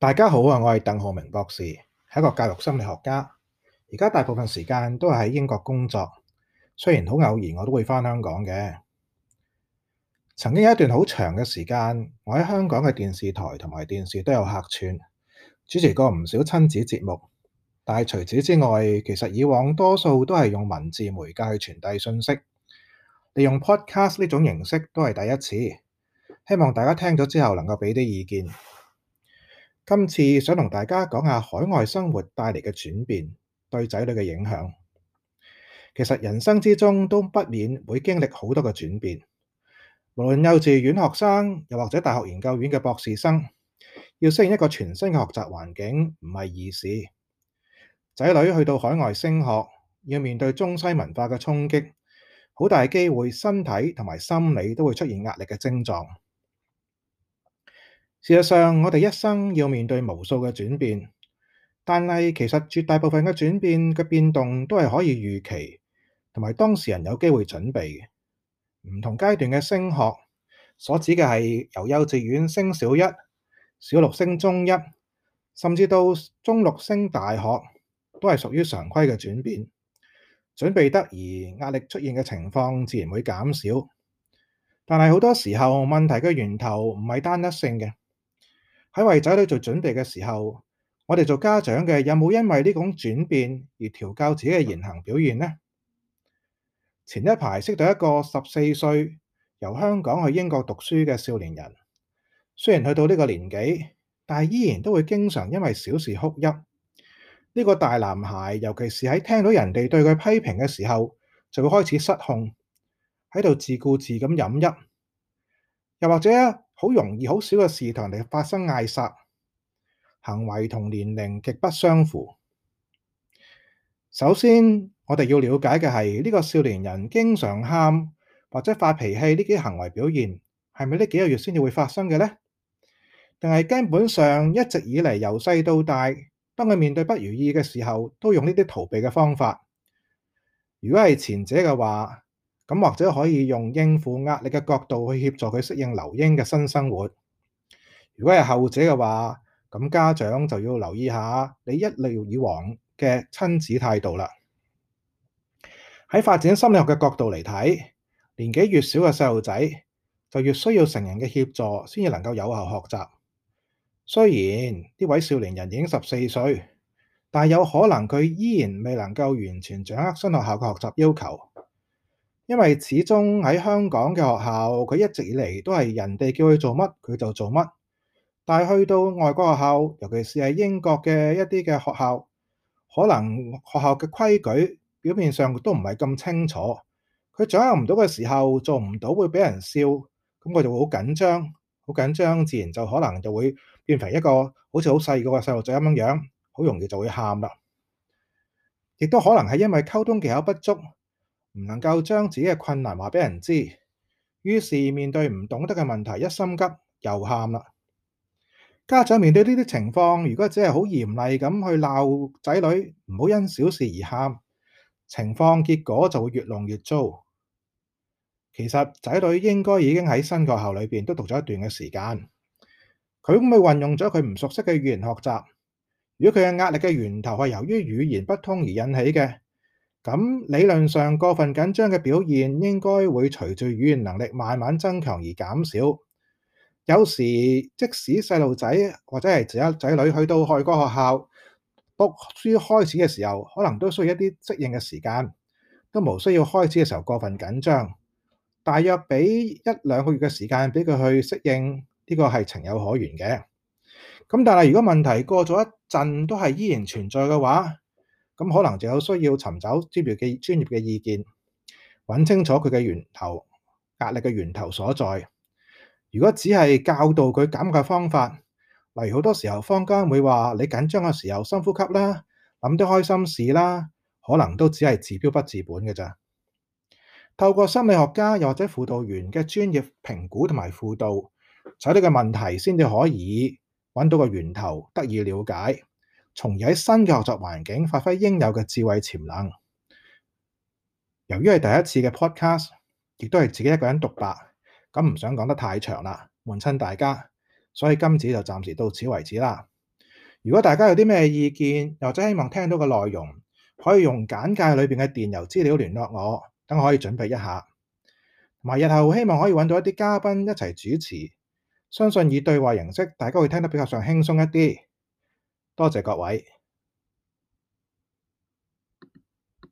大家好啊！我係鄧浩明博士，係一個教育心理學家。而家大部分時間都係喺英國工作，雖然好偶然我都會返香港嘅。曾經有一段好長嘅時間，我喺香港嘅電視台同埋電視都有客串，主持過唔少親子節目。但係除此之外，其實以往多數都係用文字媒介去傳遞信息，利用 Podcast 呢種形式都係第一次。希望大家聽咗之後能夠俾啲意見。今次想同大家講下海外生活帶嚟嘅轉變對仔女嘅影響。其實人生之中都不免會經歷好多嘅轉變，無論幼稚園學生又或者大學研究院嘅博士生，要適應一個全新嘅學習環境唔係易事。仔女去到海外升學，要面對中西文化嘅衝擊，好大機會身體同埋心理都會出現壓力嘅症狀。事實上，我哋一生要面對無數嘅轉變，但係其實絕大部分嘅轉變嘅變動都係可以預期，同埋當事人有機會準備嘅。唔同階段嘅升學，所指嘅係由幼稚園升小一、小六升中一，甚至到中六升大學，都係屬於常規嘅轉變。準備得宜，壓力出現嘅情況自然會減少。但係好多時候，問題嘅源頭唔係單一性嘅。喺為仔女做準備嘅時候，我哋做家長嘅有冇因為呢種轉變而調教自己嘅言行表現呢？前一排識到一個十四歲由香港去英國讀書嘅少年人，雖然去到呢個年紀，但係依然都會經常因為小事哭泣。呢個大男孩，尤其是喺聽到人哋對佢批評嘅時候，就會開始失控，喺度自顧自咁飲泣，又或者。好容易，好少嘅事同人哋發生嗌殺行為，同年齡極不相符。首先，我哋要了解嘅係呢個少年人經常喊或者發脾氣呢啲行為表現係咪呢幾個月先至會發生嘅呢？定係根本上一直以嚟由細到大，當佢面對不如意嘅時候，都用呢啲逃避嘅方法。如果係前者嘅話，咁或者可以用應付壓力嘅角度去協助佢適應留英嘅新生活。如果係後者嘅話，咁家長就要留意下你一路以往嘅親子態度啦。喺發展心理學嘅角度嚟睇，年紀越小嘅細路仔就越需要成人嘅協助先至能夠有效學習。雖然呢位少年人已經十四歲，但有可能佢依然未能夠完全掌握新學校嘅學習要求。因為始終喺香港嘅學校，佢一直以嚟都係人哋叫佢做乜，佢就做乜。但係去到外國學校，尤其是係英國嘅一啲嘅學校，可能學校嘅規矩表面上都唔係咁清楚，佢掌握唔到嘅時候，做唔到會俾人笑，咁佢就會好緊張，好緊張，自然就可能就會變成一個好似好細個個細路仔咁樣樣，好容易就會喊啦。亦都可能係因為溝通技巧不足。唔能夠將自己嘅困難話俾人知，於是面對唔懂得嘅問題，一心急又喊啦。家長面對呢啲情況，如果只係好嚴厲咁去鬧仔女，唔好因小事而喊，情況結果就會越弄越糟。其實仔女應該已經喺新學校裏邊都讀咗一段嘅時間，佢會唔會運用咗佢唔熟悉嘅語言學習？如果佢嘅壓力嘅源頭係由於語言不通而引起嘅。咁理論上，過分緊張嘅表現應該會隨住語言能力慢慢增強而減少。有時即使細路仔或者係仔女去到外國學校讀書開始嘅時候，可能都需要一啲適應嘅時間，都無需要開始嘅時候過分緊張。大約俾一兩個月嘅時間俾佢去適應，呢個係情有可原嘅。咁但係如果問題過咗一陣都係依然存在嘅話。咁可能就有需要尋找專業嘅專業嘅意見，揾清楚佢嘅源頭壓力嘅源頭所在。如果只係教導佢減壓方法，例如好多時候坊間會話你緊張嘅時候深呼吸啦，諗啲開心事啦，可能都只係治標不治本嘅咋。透過心理學家又或者輔導員嘅專業評估同埋輔導，睇你嘅問題先至可以揾到個源頭，得以了解。從而喺新嘅學習環境發揮應有嘅智慧潛能。由於係第一次嘅 podcast，亦都係自己一個人獨白，咁唔想講得太長啦，悶親大家，所以今次就暫時到此為止啦。如果大家有啲咩意見，又或者希望聽到嘅內容，可以用簡介裏邊嘅電郵資料聯絡我，等我可以準備一下。同埋日後希望可以揾到一啲嘉賓一齊主持，相信以對話形式，大家會聽得比較上輕鬆一啲。多謝各位。